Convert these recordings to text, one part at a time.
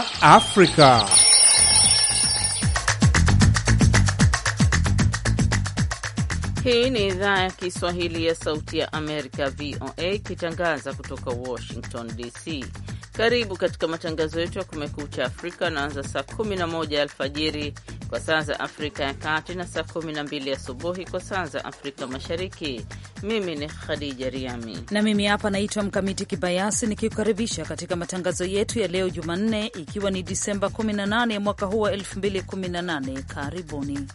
Kumekucha Afrika. Hii ni idhaa ya Kiswahili ya Sauti ya Amerika, VOA, ikitangaza kutoka Washington DC. Karibu katika matangazo yetu ya Kumekucha Afrika, naanza saa 11 alfajiri kwa saa za Afrika ya Kati na saa 12 asubuhi kwa saa za Afrika Mashariki. Mimi ni Khadija Riami na mimi hapa naitwa Mkamiti Kibayasi nikikukaribisha katika matangazo yetu ya leo Jumanne, ikiwa ni Disemba 18 mwaka huu wa 2018. Karibuni.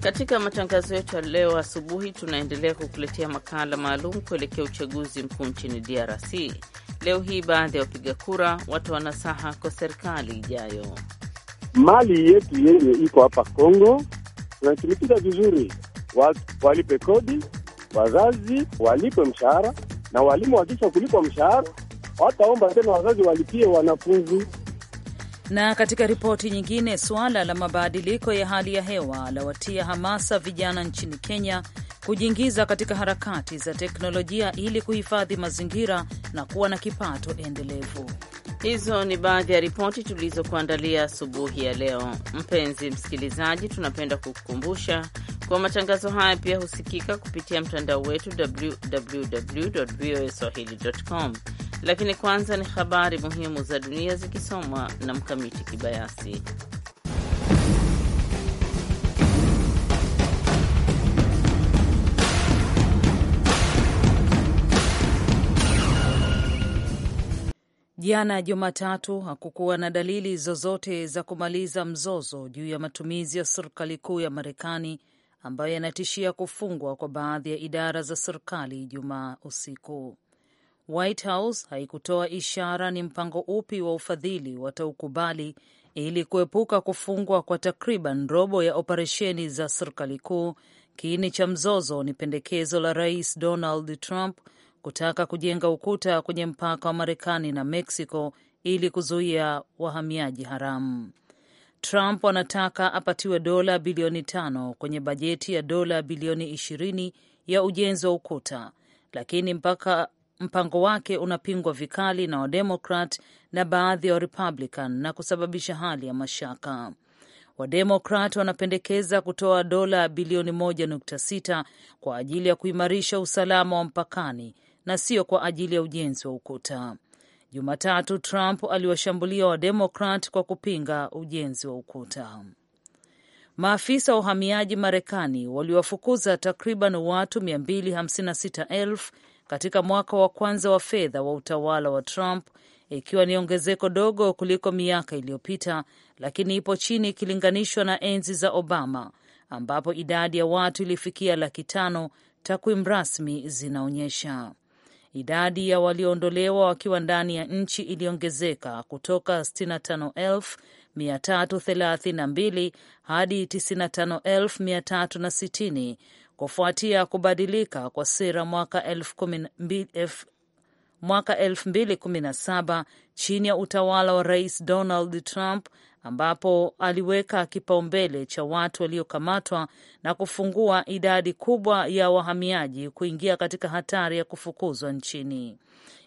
Katika matangazo yetu ya leo asubuhi, tunaendelea kukuletea makala maalum kuelekea uchaguzi mkuu nchini DRC Leo hii baadhi ya wapiga kura watoa nasaha kwa serikali ijayo. Mali yetu yenye iko hapa Kongo tunatumikiza vizuri, watu walipe kodi, wazazi walipe mshahara, na walimu wakisha kulipwa mshahara wataomba tena wazazi walipie wanafunzi. Na katika ripoti nyingine, suala la mabadiliko ya hali ya hewa lawatia hamasa vijana nchini Kenya kujiingiza katika harakati za teknolojia ili kuhifadhi mazingira na kuwa na kipato endelevu. Hizo ni baadhi ya ripoti tulizokuandalia asubuhi ya leo. Mpenzi msikilizaji, tunapenda kukukumbusha kwa matangazo haya pia husikika kupitia mtandao wetu www voa swahili.com. Lakini kwanza ni habari muhimu za dunia zikisomwa na Mkamiti Kibayasi. Jana Jumatatu hakukuwa na dalili zozote za kumaliza mzozo juu ya matumizi ya serikali kuu ya Marekani ambayo yanatishia kufungwa kwa baadhi ya idara za serikali Ijumaa usiku. White House haikutoa ishara ni mpango upi wa ufadhili wataukubali ili kuepuka kufungwa kwa takriban robo ya operesheni za serikali kuu. Kiini cha mzozo ni pendekezo la Rais Donald Trump kutaka kujenga ukuta kwenye mpaka wa Marekani na Mexico ili kuzuia wahamiaji haramu. Trump anataka apatiwe dola bilioni tano kwenye bajeti ya dola bilioni ishirini ya ujenzi wa ukuta, lakini mpaka mpango wake unapingwa vikali na Wademokrat na baadhi ya wa Warepublican na kusababisha hali ya mashaka. Wademokrat wanapendekeza kutoa dola bilioni 1.6 kwa ajili ya kuimarisha usalama wa mpakani na sio kwa ajili ya ujenzi wa ukuta. Jumatatu, Trump aliwashambulia Wademokrat kwa kupinga ujenzi wa ukuta. Maafisa wa uhamiaji Marekani waliwafukuza takriban watu 256,000 katika mwaka wa kwanza wa fedha wa utawala wa Trump, ikiwa ni ongezeko dogo kuliko miaka iliyopita, lakini ipo chini ikilinganishwa na enzi za Obama ambapo idadi ya watu ilifikia laki tano, takwimu rasmi zinaonyesha. Idadi ya walioondolewa wakiwa ndani ya nchi iliongezeka kutoka 65,332 hadi 95,360 kufuatia kubadilika kwa sera mwaka 2017 chini ya utawala wa Rais Donald Trump ambapo aliweka kipaumbele cha watu waliokamatwa na kufungua idadi kubwa ya wahamiaji kuingia katika hatari ya kufukuzwa nchini.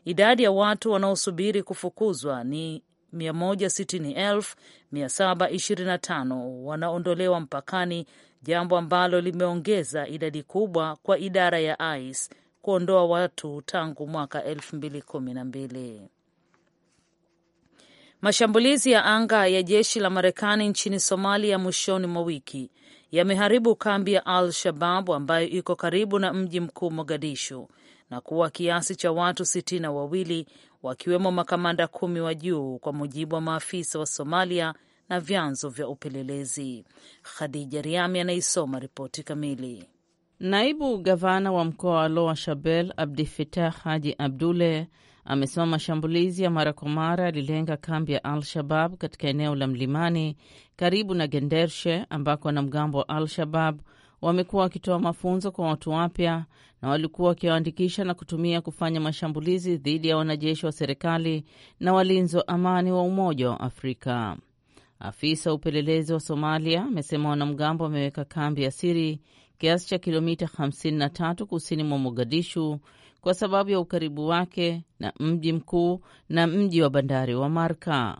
Idadi ya watu wanaosubiri kufukuzwa ni 160,725 wanaondolewa mpakani, jambo ambalo limeongeza idadi kubwa kwa idara ya ICE kuondoa watu tangu mwaka 2012. Mashambulizi ya anga ya jeshi la Marekani nchini Somalia mwishoni mwa wiki yameharibu kambi ya Al Shabab ambayo iko karibu na mji mkuu Mogadishu na kuwa kiasi cha watu sitini na wawili wakiwemo makamanda kumi wa juu, kwa mujibu wa maafisa wa Somalia na vyanzo vya upelelezi. Khadija Riami anaisoma ripoti kamili. Naibu gavana wa mkoa wa Loa Shabel Abdi Fitah Haji Abdule amesema mashambulizi ya mara kwa mara yalilenga kambi ya Al-Shabab katika eneo la mlimani karibu na Gendershe ambako wanamgambo wa Al-Shabab wamekuwa wakitoa mafunzo kwa watu wapya na walikuwa wakiwaandikisha na kutumia kufanya mashambulizi dhidi ya wanajeshi wa serikali na walinzi wa amani wa Umoja wa Afrika. Afisa wa upelelezi wa Somalia amesema wanamgambo wameweka kambi ya siri kiasi cha kilomita 53 kusini mwa Mogadishu kwa sababu ya ukaribu wake na mji mkuu na mji wa bandari wa Marka.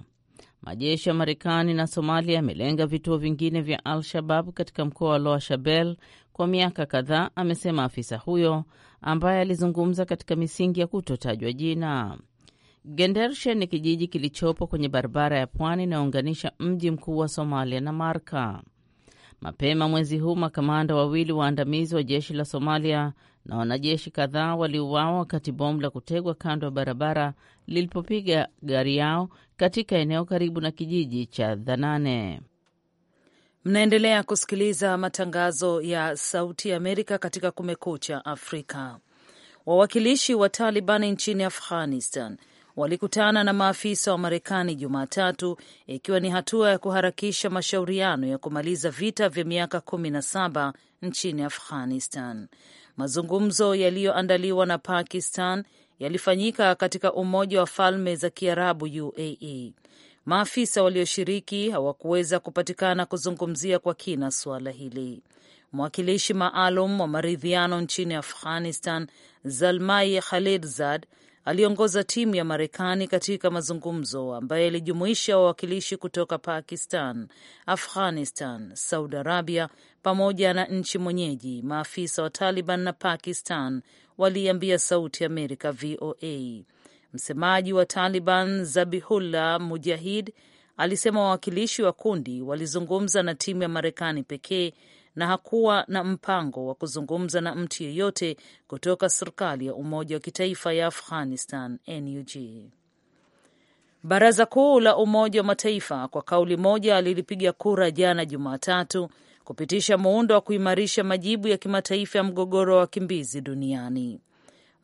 Majeshi ya Marekani na Somalia yamelenga vituo vingine vya Al-Shabab katika mkoa wa Loa shabel kwa miaka kadhaa, amesema afisa huyo ambaye alizungumza katika misingi ya kutotajwa jina. Gendershe ni kijiji kilichopo kwenye barabara ya pwani inayounganisha mji mkuu wa Somalia na Marka. Mapema mwezi huu makamanda wawili waandamizi wa jeshi la Somalia na wanajeshi kadhaa waliuawa wakati bomu la kutegwa kando ya barabara lilipopiga gari yao katika eneo karibu na kijiji cha Dhanane. Mnaendelea kusikiliza matangazo ya Sauti Amerika katika Kumekucha Afrika. Wawakilishi wa Taliban nchini Afghanistan walikutana na maafisa wa Marekani Jumatatu, ikiwa ni hatua ya kuharakisha mashauriano ya kumaliza vita vya miaka 17 nchini Afghanistan. Mazungumzo yaliyoandaliwa na Pakistan yalifanyika katika Umoja wa Falme za Kiarabu, UAE. Maafisa walioshiriki hawakuweza kupatikana kuzungumzia kwa kina suala hili. Mwakilishi maalum wa maridhiano nchini Afghanistan, Zalmai Khalilzad, aliongoza timu ya Marekani katika mazungumzo ambayo yalijumuisha wawakilishi kutoka Pakistan, Afghanistan, Saudi Arabia pamoja na nchi mwenyeji. Maafisa wa Taliban na Pakistan waliambia Sauti ya Amerika VOA. Msemaji wa Taliban Zabihullah Mujahid alisema wawakilishi wa kundi walizungumza na timu ya Marekani pekee na hakuwa na mpango wa kuzungumza na mtu yeyote kutoka serikali ya Umoja wa Kitaifa ya Afghanistan NUG. Baraza Kuu la Umoja wa Mataifa kwa kauli moja lilipiga kura jana Jumatatu kupitisha muundo wa kuimarisha majibu ya kimataifa ya mgogoro wa wakimbizi duniani.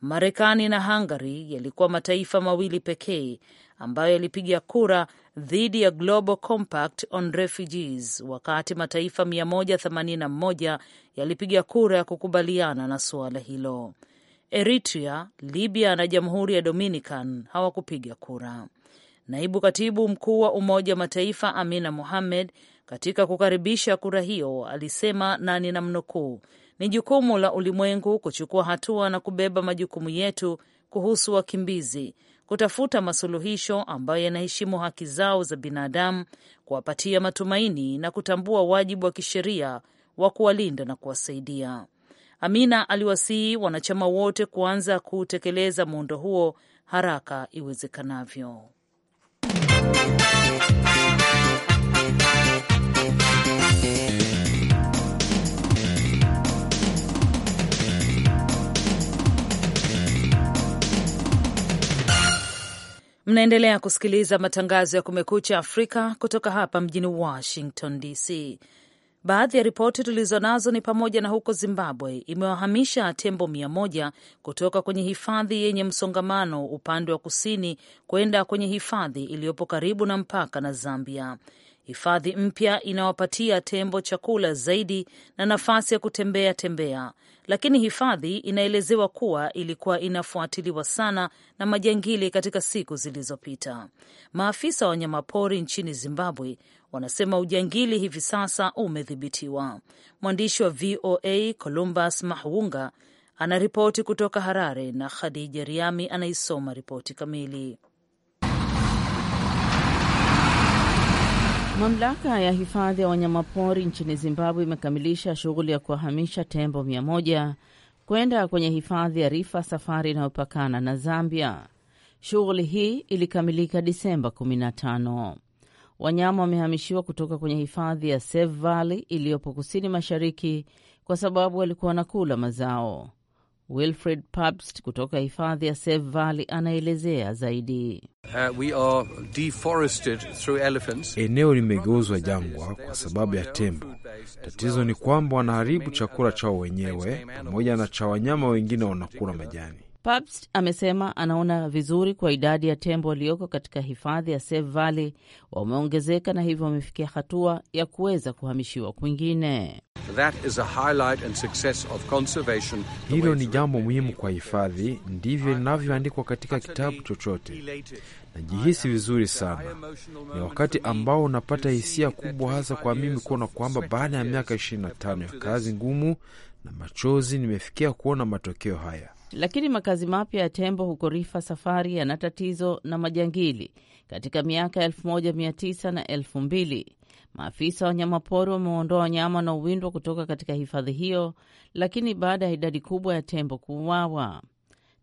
Marekani na Hungary yalikuwa mataifa mawili pekee ambayo yalipiga kura dhidi ya Global Compact on Refugees wakati mataifa 181 yalipiga kura ya kukubaliana na suala hilo. Eritrea, Libya na Jamhuri ya Dominican hawakupiga kura. Naibu katibu mkuu wa Umoja wa Mataifa Amina Mohamed katika kukaribisha kura hiyo alisema, na ninamnukuu, ni jukumu la ulimwengu kuchukua hatua na kubeba majukumu yetu kuhusu wakimbizi, kutafuta masuluhisho ambayo yanaheshimu haki zao za binadamu, kuwapatia matumaini na kutambua wajibu wa kisheria wa kuwalinda na kuwasaidia. Amina aliwasihi wanachama wote kuanza kutekeleza muundo huo haraka iwezekanavyo. Mnaendelea kusikiliza matangazo ya Kumekucha Afrika kutoka hapa mjini Washington DC. Baadhi ya ripoti tulizo nazo ni pamoja na huko Zimbabwe imewahamisha tembo mia moja kutoka kwenye hifadhi yenye msongamano upande wa kusini kwenda kwenye hifadhi iliyopo karibu na mpaka na Zambia. Hifadhi mpya inawapatia tembo chakula zaidi na nafasi ya kutembea tembea, lakini hifadhi inaelezewa kuwa ilikuwa inafuatiliwa sana na majangili katika siku zilizopita. Maafisa wa wanyamapori nchini Zimbabwe wanasema ujangili hivi sasa umedhibitiwa. Mwandishi wa VOA Columbus Mahwunga anaripoti kutoka Harare na Khadija Riami anaisoma ripoti kamili. Mamlaka ya hifadhi ya wanyamapori nchini Zimbabwe imekamilisha shughuli ya kuwahamisha tembo mia moja kwenda kwenye hifadhi ya Rifa Safari inayopakana na Zambia. Shughuli hii ilikamilika Disemba 15. Wanyama wamehamishiwa kutoka kwenye hifadhi ya Save Valley iliyopo kusini mashariki, kwa sababu walikuwa na kula mazao. Wilfred Pabst kutoka hifadhi ya Save Valley anaelezea zaidi. Uh, we are deforested through elephants. Eneo limegeuzwa jangwa kwa sababu ya tembo. Tatizo ni kwamba wanaharibu chakula chao wenyewe pamoja na cha wanyama wengine wanakula majani. Pabst amesema anaona vizuri kwa idadi ya tembo walioko katika hifadhi ya Save Valley wameongezeka na hivyo wamefikia hatua ya kuweza kuhamishiwa kwingine. Hilo ni jambo muhimu kwa hifadhi, ndivyo linavyoandikwa katika kitabu chochote. Najihisi vizuri sana, ni wakati ambao unapata hisia kubwa, hasa kwa mimi kuona kwamba baada ya miaka 25 ya kazi ngumu na machozi nimefikia kuona matokeo haya lakini makazi mapya ya tembo huko Rifa Safari yana tatizo na majangili katika miaka 1900 na 2000. Maafisa wa wanyamapori wameondoa wanyama na uwindwa kutoka katika hifadhi hiyo, lakini baada ya idadi kubwa ya tembo kuuawa.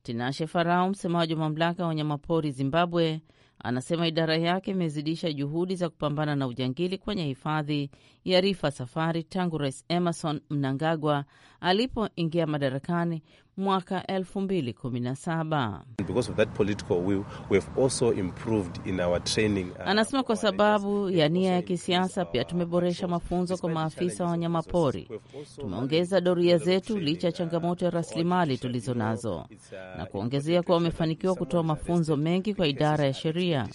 Tinashe Farao, msemaji wa mamlaka ya wanyamapori Zimbabwe, anasema idara yake imezidisha juhudi za kupambana na ujangili kwenye hifadhi ya Rifa Safari tangu Rais Emerson Mnangagwa alipoingia madarakani mwaka 2017. Uh, Anasema kwa sababu ya nia ya kisiasa pia tumeboresha mafunzo kwa maafisa wa wanyamapori, tumeongeza doria zetu licha ya uh, changamoto ya rasilimali tulizo nazo, uh, na kuongezea kuwa wamefanikiwa kutoa mafunzo mengi kwa idara ya sheria.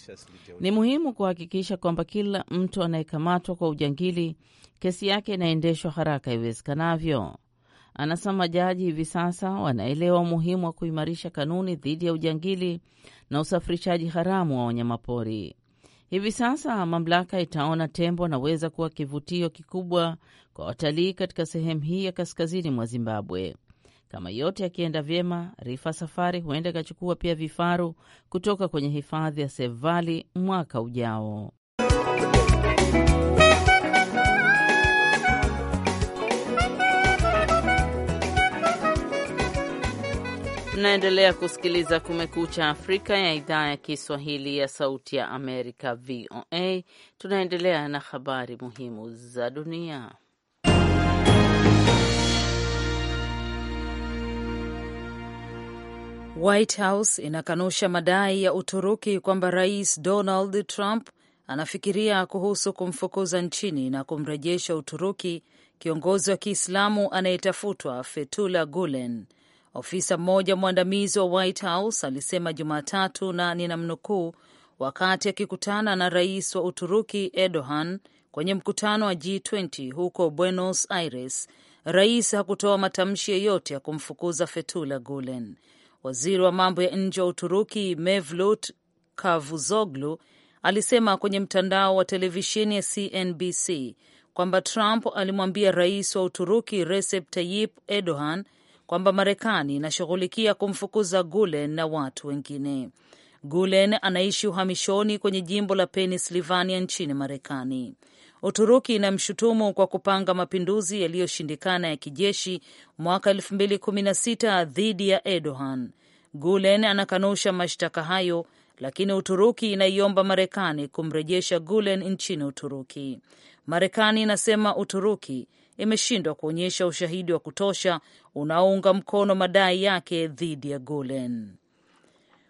Ni muhimu kuhakikisha kwamba kila mtu anayekamatwa kwa ujangili kesi yake inaendeshwa haraka iwezekanavyo. Anasema majaji hivi sasa wanaelewa umuhimu wa kuimarisha kanuni dhidi ya ujangili na usafirishaji haramu wa wanyamapori. Hivi sasa mamlaka itaona tembo anaweza kuwa kivutio kikubwa kwa watalii katika sehemu hii ya kaskazini mwa Zimbabwe. Kama yote yakienda vyema, Rifa Safari huenda ikachukua pia vifaru kutoka kwenye hifadhi ya sevali mwaka ujao. Mnaendelea kusikiliza Kumekucha Afrika ya idhaa ya Kiswahili ya Sauti ya Amerika, VOA. Tunaendelea na habari muhimu za dunia. White House inakanusha madai ya Uturuki kwamba Rais Donald Trump anafikiria kuhusu kumfukuza nchini na kumrejesha Uturuki kiongozi wa Kiislamu anayetafutwa Fethullah Gulen. Ofisa mmoja mwandamizi wa White House alisema Jumatatu, na ninamnukuu, wakati akikutana na rais wa Uturuki Erdogan kwenye mkutano wa G20 huko Buenos Aires, rais hakutoa matamshi yeyote ya kumfukuza Fethullah Gulen. Waziri wa mambo ya nje wa Uturuki Mevlut Kavuzoglu alisema kwenye mtandao wa televisheni ya CNBC kwamba Trump alimwambia rais wa Uturuki Recep Tayyip Erdogan kwamba Marekani inashughulikia kumfukuza Gulen na watu wengine. Gulen anaishi uhamishoni kwenye jimbo la Pennsylvania nchini Marekani. Uturuki inamshutumu kwa kupanga mapinduzi yaliyoshindikana ya kijeshi mwaka 2016 dhidi ya Erdogan. Gulen anakanusha mashtaka hayo, lakini Uturuki inaiomba Marekani kumrejesha Gulen nchini Uturuki. Marekani inasema Uturuki imeshindwa kuonyesha ushahidi wa kutosha unaounga mkono madai yake dhidi ya Gulen.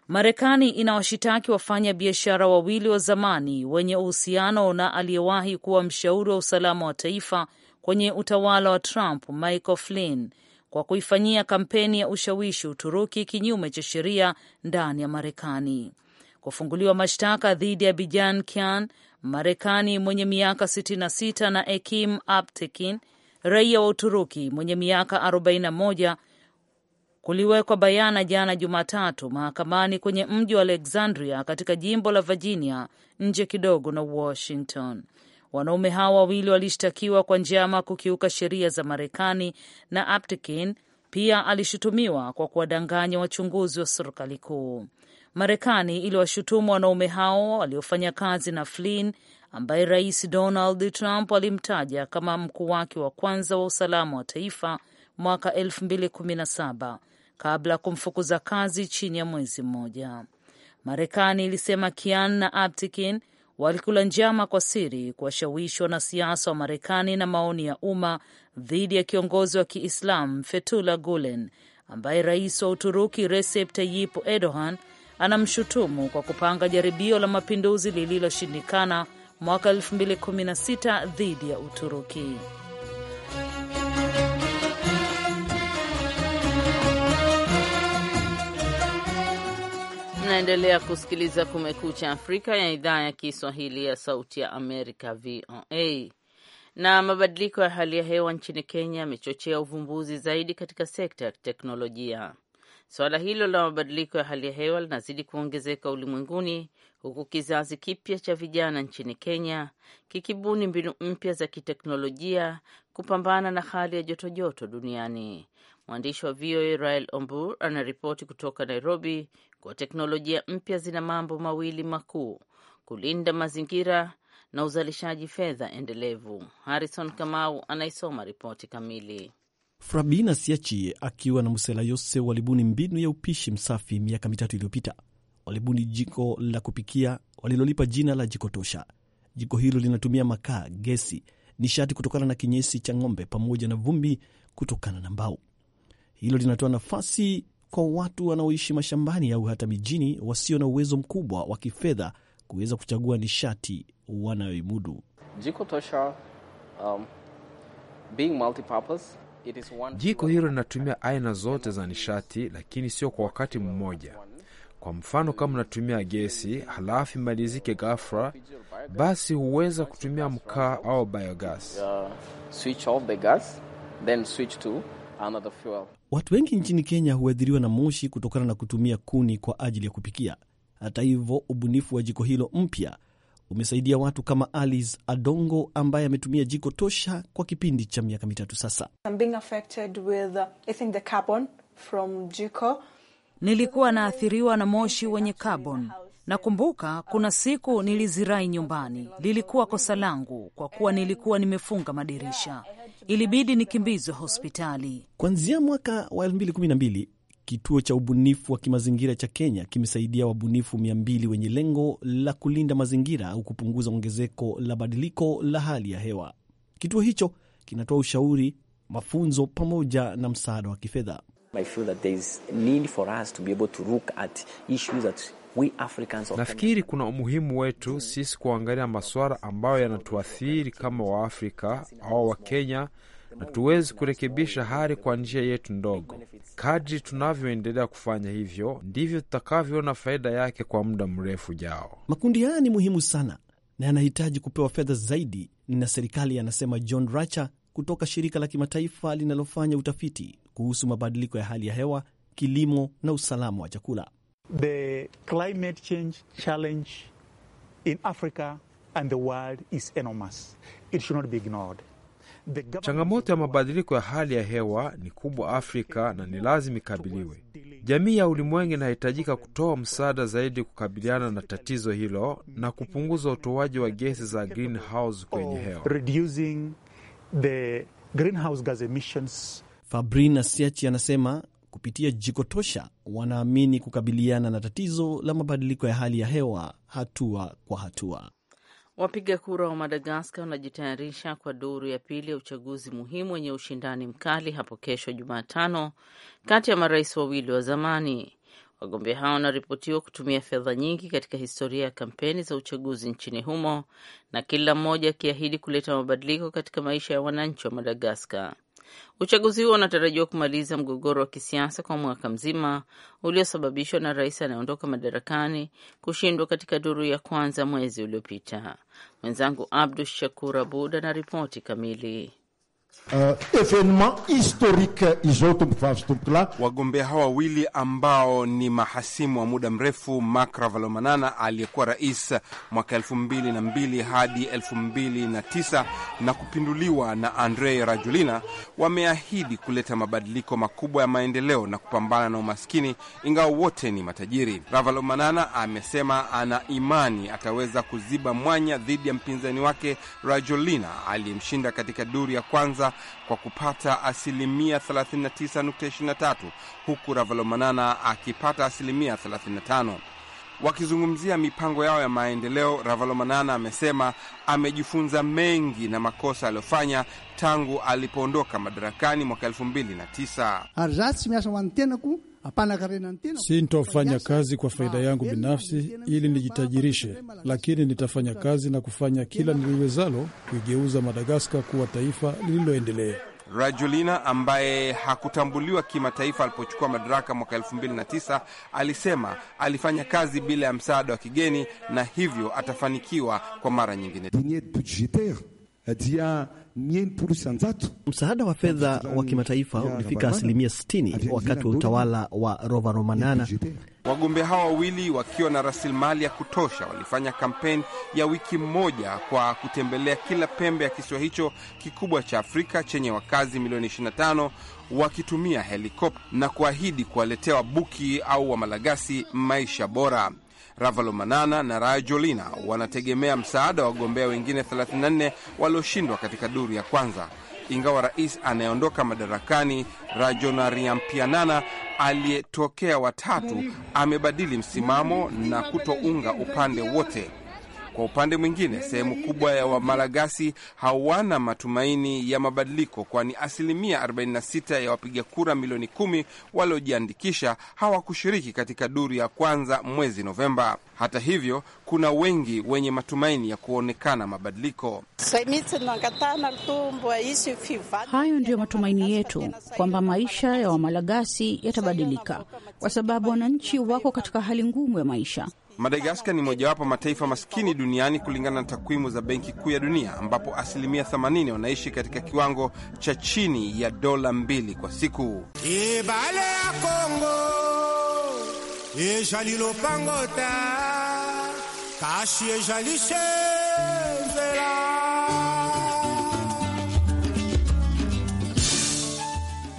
Marekani inawashitaki wafanya biashara wawili wa zamani wenye uhusiano na aliyewahi kuwa mshauri wa usalama wa taifa kwenye utawala wa Trump, Michael Flynn, kwa kuifanyia kampeni ya ushawishi Uturuki kinyume cha sheria ndani ya Marekani. Kufunguliwa mashtaka dhidi ya Bijan Kian, Marekani mwenye miaka 66 na Ekim Aptekin raia wa Uturuki mwenye miaka 41 kuliwekwa bayana jana Jumatatu mahakamani kwenye mji wa Alexandria katika jimbo la Virginia, nje kidogo na Washington. Wanaume hawa wawili walishtakiwa kwa njama kukiuka sheria za Marekani na Aptekin pia alishutumiwa kwa kuwadanganya wachunguzi wa serikali kuu. Marekani iliwashutumu wanaume hao waliofanya kazi na Flynn ambaye Rais Donald Trump alimtaja kama mkuu wake wa kwanza wa usalama wa taifa mwaka 2017 kabla ya kumfukuza kazi chini ya mwezi mmoja. Marekani ilisema Kian na Aptikin walikula njama kwa siri kuwashawishi wanasiasa wa Marekani na maoni ya umma dhidi ya kiongozi wa Kiislam Fethullah Gulen ambaye rais wa Uturuki Recep Tayyip Erdogan anamshutumu kwa kupanga jaribio la mapinduzi lililoshindikana mwaka 2016 dhidi ya Uturuki. Mnaendelea kusikiliza Kumekucha Afrika ya idhaa ya Kiswahili ya Sauti ya Amerika, VOA. Na mabadiliko ya hali ya hewa nchini Kenya yamechochea uvumbuzi zaidi katika sekta ya teknolojia. Suala hilo la mabadiliko ya hali ya hewa linazidi kuongezeka ulimwenguni, huku kizazi kipya cha vijana nchini Kenya kikibuni mbinu mpya za kiteknolojia kupambana na hali ya jotojoto duniani. Mwandishi wa VOA Rael Ombur anaripoti kutoka Nairobi kuwa teknolojia mpya zina mambo mawili makuu: kulinda mazingira na uzalishaji fedha endelevu. Harrison Kamau anaisoma ripoti kamili. Frabina Siachi akiwa na Musela Yose walibuni mbinu ya upishi msafi miaka mitatu iliyopita walibuni jiko la kupikia walilolipa jina la jiko tosha. Jiko hilo linatumia makaa, gesi, nishati kutokana na kinyesi cha ng'ombe pamoja na vumbi kutokana na mbao. Hilo linatoa nafasi kwa watu wanaoishi mashambani au hata mijini wasio na uwezo mkubwa wa kifedha kuweza kuchagua nishati wanayoimudu. Jiko tosha, um, being multipurpose Jiko hilo linatumia aina zote za nishati, lakini sio kwa wakati mmoja. Kwa mfano, kama unatumia gesi halafu imalizike ghafla, basi huweza kutumia mkaa au biogas. Uh, watu wengi nchini Kenya huathiriwa na moshi kutokana na kutumia kuni kwa ajili ya kupikia. Hata hivyo, ubunifu wa jiko hilo mpya umesaidia watu kama Alice Adongo ambaye ametumia jiko tosha kwa kipindi cha miaka mitatu sasa. I'm being affected with, uh, nilikuwa naathiriwa na moshi wenye kaboni. Nakumbuka kuna siku nilizirai nyumbani, lilikuwa kosa langu kwa kuwa nilikuwa nimefunga madirisha, ilibidi nikimbizwe hospitali. Kuanzia mwaka wa 2012 kituo cha ubunifu wa kimazingira cha Kenya kimesaidia wabunifu 200 wenye lengo la kulinda mazingira au kupunguza ongezeko la badiliko la hali ya hewa. Kituo hicho kinatoa ushauri, mafunzo pamoja na msaada wa kifedha. Nafikiri kuna umuhimu wetu sisi kuangalia masuala ambayo yanatuathiri kama Waafrika au Wakenya na tuwezi kurekebisha hali kwa njia yetu ndogo. Kadri tunavyoendelea kufanya hivyo, ndivyo tutakavyoona faida yake kwa muda mrefu ujao. Makundi haya ni muhimu sana na yanahitaji kupewa fedha zaidi na serikali, anasema John Racha kutoka shirika la kimataifa linalofanya utafiti kuhusu mabadiliko ya hali ya hewa, kilimo na usalama wa chakula. The climate change challenge in Africa and the world is enormous. It should not be ignored. Changamoto ya mabadiliko ya hali ya hewa ni kubwa Afrika na ni lazima ikabiliwe. Jamii ya ulimwengu inahitajika kutoa msaada zaidi kukabiliana na tatizo hilo na kupunguza utoaji wa gesi za greenhouse kwenye hewa. Fabrina Siachi anasema kupitia Jiko Tosha wanaamini kukabiliana na tatizo la mabadiliko ya hali ya hewa hatua kwa hatua. Wapiga kura wa Madagaskar wanajitayarisha kwa duru ya pili ya uchaguzi muhimu wenye ushindani mkali hapo kesho Jumatano, kati ya marais wawili wa zamani. Wagombea hao wanaripotiwa kutumia fedha nyingi katika historia ya kampeni za uchaguzi nchini humo, na kila mmoja akiahidi kuleta mabadiliko katika maisha ya wananchi wa Madagaskar. Uchaguzi huo unatarajiwa kumaliza mgogoro wa kisiasa kwa mwaka mzima uliosababishwa na rais anayeondoka madarakani kushindwa katika duru ya kwanza mwezi uliopita. Mwenzangu Abdu Shakur Abud ana ripoti kamili. Euh, Wagombea hawa wawili ambao ni mahasimu wa muda mrefu, Marc Ravalomanana aliyekuwa rais mwaka 2002 hadi 2009 na kupinduliwa na Andre Rajulina, wameahidi kuleta mabadiliko makubwa ya maendeleo na kupambana na umaskini, ingawa wote ni matajiri. Ravalomanana amesema ana imani ataweza kuziba mwanya dhidi ya mpinzani wake Rajulina aliyemshinda katika duru ya kwanza kwanza kwa kupata asilimia 39.23 huku Ravalomanana akipata asilimia 35. Wakizungumzia mipango yao ya maendeleo, Ravalomanana amesema amejifunza mengi na makosa aliyofanya tangu alipoondoka madarakani mwaka 2009. Sintofanya kazi kwa faida yangu binafsi ili nijitajirishe, lakini nitafanya kazi na kufanya kila niliwezalo kuigeuza Madagaskar kuwa taifa lililoendelea. Rajulina ambaye hakutambuliwa kimataifa alipochukua madaraka mwaka 2009 alisema alifanya kazi bila ya msaada wa kigeni na hivyo atafanikiwa kwa mara nyingine. Msaada wa fedha wa kimataifa ulifika asilimia 60 wakati wa utawala wa Rova Romanana. Wagombea hawa wawili wakiwa na rasilimali ya kutosha, walifanya kampeni ya wiki moja kwa kutembelea kila pembe ya kisiwa hicho kikubwa cha Afrika chenye wakazi milioni 25 wakitumia helikopta na kuahidi kuwaletea wabuki au wamalagasi maisha bora. Ravalomanana na Rajolina wanategemea msaada wa wagombea wengine 34 walioshindwa katika duru ya kwanza, ingawa rais anayeondoka madarakani Rajonariampianana aliyetokea watatu amebadili msimamo na kutounga upande wote. Kwa upande mwingine, sehemu kubwa ya Wamalagasi hawana matumaini ya mabadiliko, kwani asilimia 46 ya wapiga kura milioni kumi waliojiandikisha hawakushiriki katika duru ya kwanza mwezi Novemba. Hata hivyo, kuna wengi wenye matumaini ya kuonekana mabadiliko. Hayo ndiyo matumaini yetu kwamba maisha ya Wamalagasi yatabadilika, kwa sababu wananchi wako katika hali ngumu ya maisha Madagaskar ni mojawapo mataifa maskini duniani kulingana na takwimu za Benki Kuu ya Dunia, ambapo asilimia 80 wanaishi katika kiwango cha chini ya dola mbili kwa siku. Ibale ya Kongo kashi ejalishe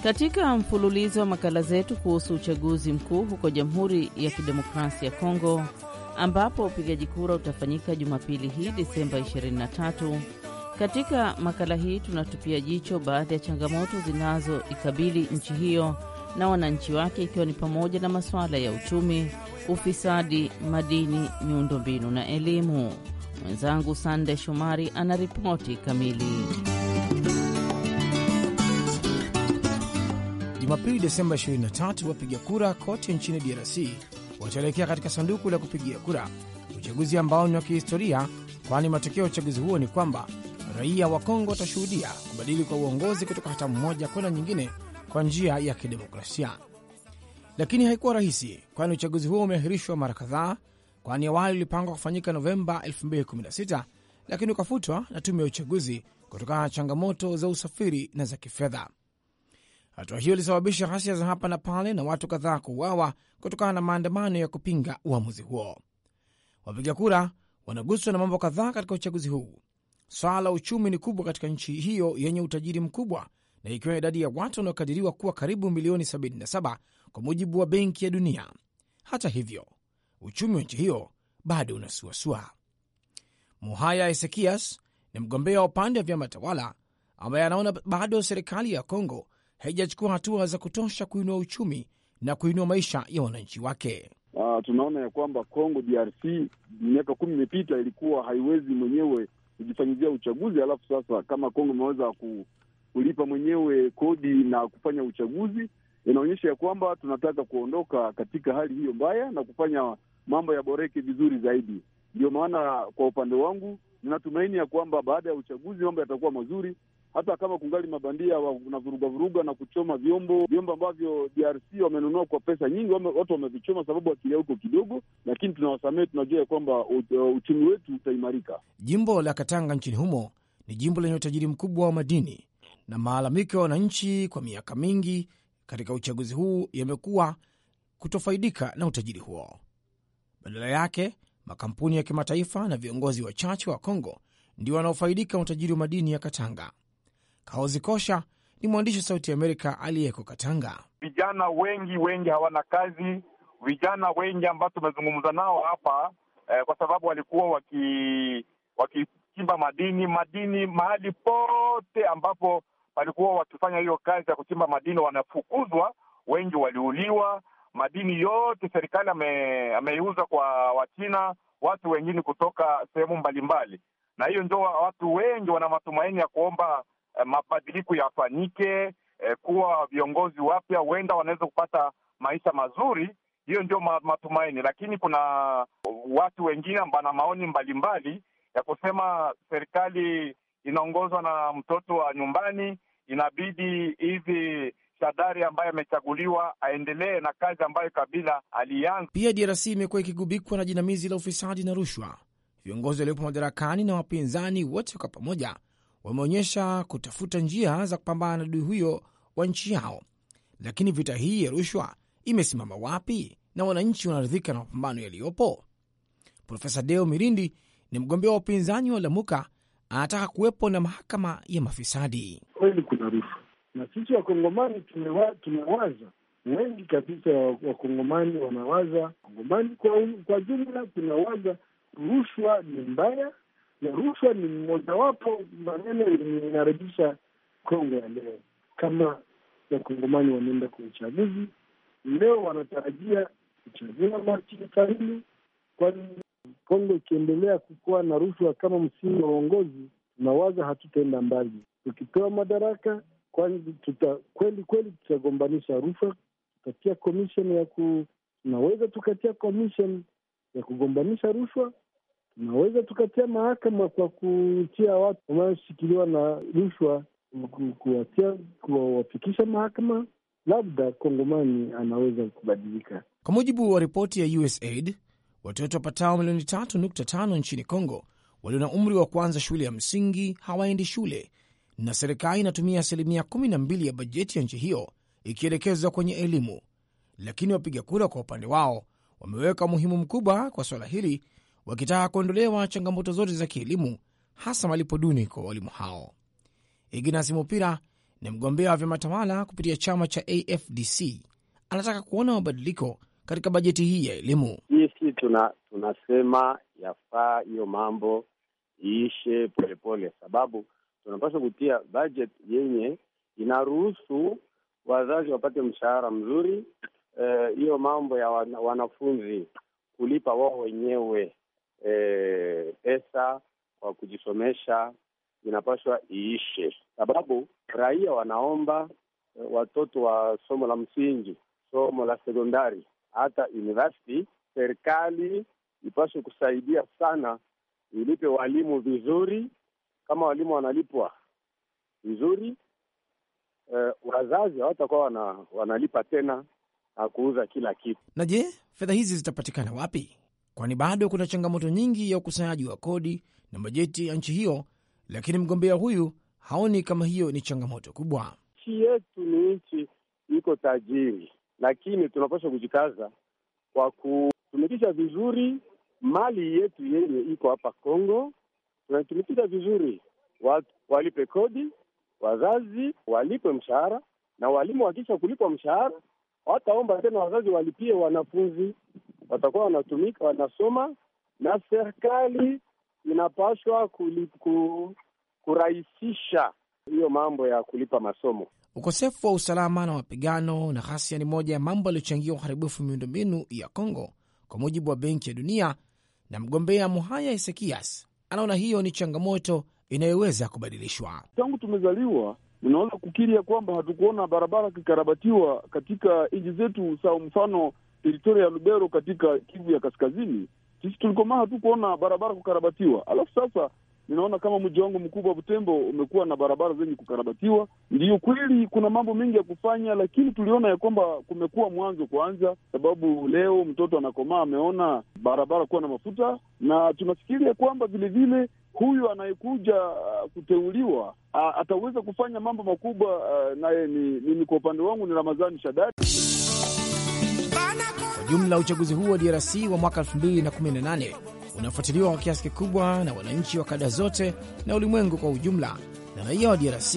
Katika mfululizo wa makala zetu kuhusu uchaguzi mkuu huko Jamhuri ya Kidemokrasia ya Kongo, ambapo upigaji kura utafanyika Jumapili hii Disemba 23. Katika makala hii tunatupia jicho baadhi ya changamoto zinazoikabili nchi hiyo na wananchi wake, ikiwa ni pamoja na masuala ya uchumi, ufisadi, madini, miundombinu na elimu. Mwenzangu Sande Shomari ana ripoti kamili. Jumapili Desemba 23 wapiga kura kote nchini DRC wataelekea katika sanduku la kupigia kura, uchaguzi ambao ni wa kihistoria, kwani matokeo ya uchaguzi huo ni kwamba raia wa Kongo watashuhudia kubadili kwa uongozi kutoka hatamu moja kwenda nyingine kwa njia ya kidemokrasia. Lakini haikuwa rahisi, kwani uchaguzi huo umeahirishwa mara kadhaa, kwani awali ulipangwa kufanyika Novemba 2016 lakini ukafutwa na tume ya uchaguzi kutokana na changamoto za usafiri na za kifedha. Hatua hiyo ilisababisha ghasia za hapa na pale na watu kadhaa kuuawa kutokana na maandamano ya kupinga uamuzi huo. Wapiga kura wanaguswa na mambo kadhaa katika uchaguzi huu. Swala la uchumi ni kubwa katika nchi hiyo yenye utajiri mkubwa, na ikiwa idadi ya watu wanaokadiriwa kuwa karibu milioni 77 kwa mujibu wa Benki ya Dunia. Hata hivyo, uchumi wa nchi hiyo bado unasuasua. Muhaya Esekias ni mgombea wa upande wa vyama tawala ambaye anaona bado serikali ya Kongo haijachukua hatua za kutosha kuinua uchumi na kuinua maisha ya wananchi wake. Uh, tunaona ya kwamba Congo DRC miaka kumi imepita ilikuwa haiwezi mwenyewe kujifanyizia uchaguzi, alafu sasa kama Kongo imeweza kulipa mwenyewe kodi na kufanya uchaguzi, inaonyesha ya kwamba tunataka kuondoka katika hali hiyo mbaya na kufanya mambo yaboreke vizuri zaidi. Ndio maana kwa upande wangu ninatumaini ya kwamba baada ya uchaguzi mambo yatakuwa mazuri hata kama kungali mabandia wanavuruga vuruga na kuchoma vyombo vyombo ambavyo DRC wamenunua kwa pesa nyingi, watu wamevichoma sababu akilia huko kidogo, lakini tunawasamehe, tunajua ya kwamba uchumi wetu utaimarika. Jimbo la Katanga nchini humo ni jimbo lenye utajiri mkubwa wa madini na maalamiko ya wananchi kwa miaka mingi katika uchaguzi huu yamekuwa kutofaidika na utajiri huo. Badala yake makampuni ya kimataifa na viongozi wachache wa Kongo ndio wanaofaidika na utajiri wa madini ya Katanga. Kaozi Kosha ni mwandishi wa Sauti ya Amerika aliyeko Katanga. Vijana wengi wengi hawana kazi, vijana wengi ambao tumezungumza nao hapa eh, kwa sababu walikuwa waki wakichimba madini madini mahali pote ambapo walikuwa wakifanya hiyo kazi ya kuchimba madini, wanafukuzwa, wengi waliuliwa. Madini yote serikali ame, ameiuza kwa Wachina, watu wengine kutoka sehemu mbalimbali, na hiyo ndio watu wengi wana matumaini ya kuomba Eh, mabadiliko yafanyike, eh, kuwa viongozi wapya huenda wanaweza kupata maisha mazuri. Hiyo ndio matumaini, lakini kuna watu wengine na maoni mbalimbali ya kusema serikali inaongozwa na mtoto wa nyumbani, inabidi hivi Shadari ambaye amechaguliwa aendelee na kazi ambayo Kabila alianza. Pia DRC imekuwa ikigubikwa na jinamizi la ufisadi na rushwa. Viongozi waliopo madarakani na wapinzani wote kwa pamoja wameonyesha kutafuta njia za kupambana na adui huyo wa nchi yao. Lakini vita hii ya rushwa imesimama wapi na wananchi wanaridhika na mapambano yaliyopo? Profesa Deo Mirindi ni mgombea wa upinzani wa Lamuka, anataka kuwepo na mahakama ya mafisadi. Kweli kuna rushwa, na sisi wakongomani tumewa, tumewaza wengi kabisa, wakongomani wanawaza, wakongomani kwa, kwa jumla tunawaza rushwa ni mbaya na rushwa ni mmojawapo maneno yenye inarejisha Kongo ya leo. Kama wakongomani wanaenda kwa uchaguzi leo, wanatarajia kuchagua Machi Fayulu, kwani Kongo ikiendelea kukuwa na rushwa kama msingi wa uongozi, tunawaza hatutaenda mbali. Tukipewa madaraka, kwani tuta kweli kweli tutagombanisha rushwa, tutatia komishen ya ku tunaweza tukatia komishen ya kugombanisha rushwa tunaweza tukatia mahakama kwa kutia watu wanaoshikiliwa na rushwa, kuwatia kuwafikisha mahakama, labda Kongomani anaweza kubadilika. Kwa mujibu wa ripoti ya USAID, watoto wapatao milioni 3.5 nchini congo walio na umri wa kwanza shule ya msingi hawaendi shule, na serikali inatumia asilimia 12 ya bajeti ya nchi hiyo ikielekezwa kwenye elimu. Lakini wapiga kura kwa upande wao wameweka umuhimu mkubwa kwa suala hili wakitaka kuondolewa changamoto zote za kielimu, hasa malipo duni kwa walimu hao. Ignas Mupira ni mgombea wa vyama tawala kupitia chama cha AFDC, anataka kuona mabadiliko katika bajeti hii ya elimu. Sisi tuna, tunasema yafaa hiyo mambo iishe polepole, sababu tunapaswa kutia bajeti yenye inaruhusu wazazi wapate mshahara mzuri. Eh, hiyo uh, mambo ya wan, wanafunzi kulipa wao wenyewe e, pesa kwa kujisomesha inapaswa iishe, sababu raia wanaomba eh, watoto wa somo la msingi, somo la sekondari, hata university. Serikali ipaswe kusaidia sana, ilipe walimu vizuri, kama walimu wanalipwa vizuri eh, wazazi hawatakuwa wana, wanalipa tena na kuuza kila kitu. Na je, fedha hizi zitapatikana wapi? kwani bado kuna changamoto nyingi ya ukusanyaji wa kodi na bajeti ya nchi hiyo, lakini mgombea huyu haoni kama hiyo ni changamoto kubwa. Nchi yetu ni nchi iko tajiri, lakini tunapaswa kujikaza kwa kutumikisha vizuri mali yetu yenye iko hapa Kongo. Tunaitumikisha vizuri, watu walipe kodi, wazazi walipe mshahara, na walimu wakisha kulipwa mshahara wataomba tena wazazi walipie wanafunzi, watakuwa wanatumika, wanasoma, na serikali inapaswa kurahisisha hiyo mambo ya kulipa masomo. Ukosefu wa usalama na mapigano na ghasia ni moja ya mambo yaliyochangia uharibifu miundombinu ya Kongo, kwa mujibu wa Benki ya Dunia, na mgombea Muhaya Hesekias anaona hiyo ni changamoto inayoweza kubadilishwa. Tangu tumezaliwa Unaweza kukiria kwamba hatukuona barabara kikarabatiwa katika nchi zetu, sawa mfano teritoria ya Lubero katika Kivu ya Kaskazini. Sisi tulikomaa hatukuona barabara kukarabatiwa, alafu sasa ninaona kama mji wangu mkubwa wa Butembo umekuwa na barabara zenye kukarabatiwa. Ndiyo kweli kuna mambo mengi ya kufanya, lakini tuliona ya kwamba kumekuwa mwanzo kwanza, sababu leo mtoto anakomaa ameona barabara kuwa na mafuta, na tunafikiria kwamba vilevile huyu anayekuja uh, kuteuliwa a, uh, ataweza kufanya mambo makubwa. Uh, naye ni, ni, ni kwa upande wangu ni Ramadhani Shadari. Kwa jumla uchaguzi huu wa DRC wa mwaka 2018 unafuatiliwa kwa kiasi kikubwa na wananchi wa kada zote na ulimwengu kwa ujumla, na raia wa DRC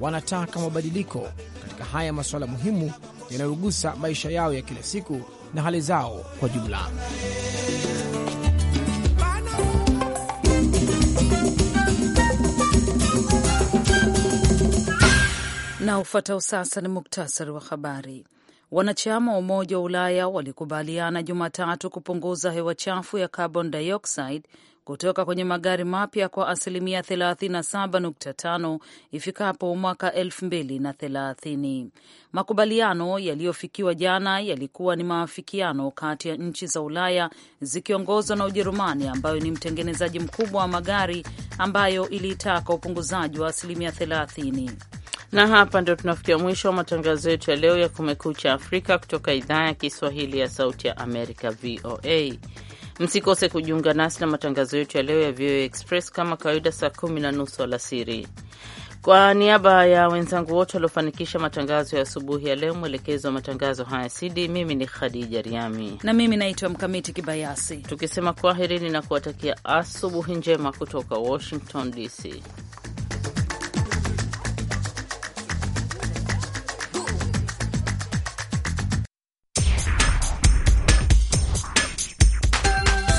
wanataka mabadiliko katika haya masuala muhimu yanayogusa maisha yao ya kila siku na hali zao kwa jumla. Na ufuatao sasa ni muktasari wa habari. Wanachama wa Umoja wa Ulaya walikubaliana Jumatatu kupunguza hewa chafu ya carbon dioxide kutoka kwenye magari mapya kwa asilimia 37.5 ifikapo mwaka 2030. Makubaliano yaliyofikiwa jana yalikuwa ni maafikiano kati ya nchi za Ulaya zikiongozwa na Ujerumani ambayo ni mtengenezaji mkubwa wa magari ambayo iliitaka upunguzaji wa asilimia 30. Na hapa ndio tunafikia mwisho wa matangazo yetu ya leo ya Kumekucha Afrika kutoka idhaa ya Kiswahili ya Sauti ya Amerika, VOA. Msikose kujiunga nasi na matangazo yetu ya leo ya VOA Express kama kawaida, saa kumi na nusu alasiri. Kwa niaba ya wenzangu wote waliofanikisha matangazo ya asubuhi ya leo, mwelekezo wa matangazo haya sidi, mimi ni Khadija Riami na mimi naitwa Mkamiti Kibayasi, tukisema kwaherini na kuwatakia asubuhi njema kutoka Washington DC.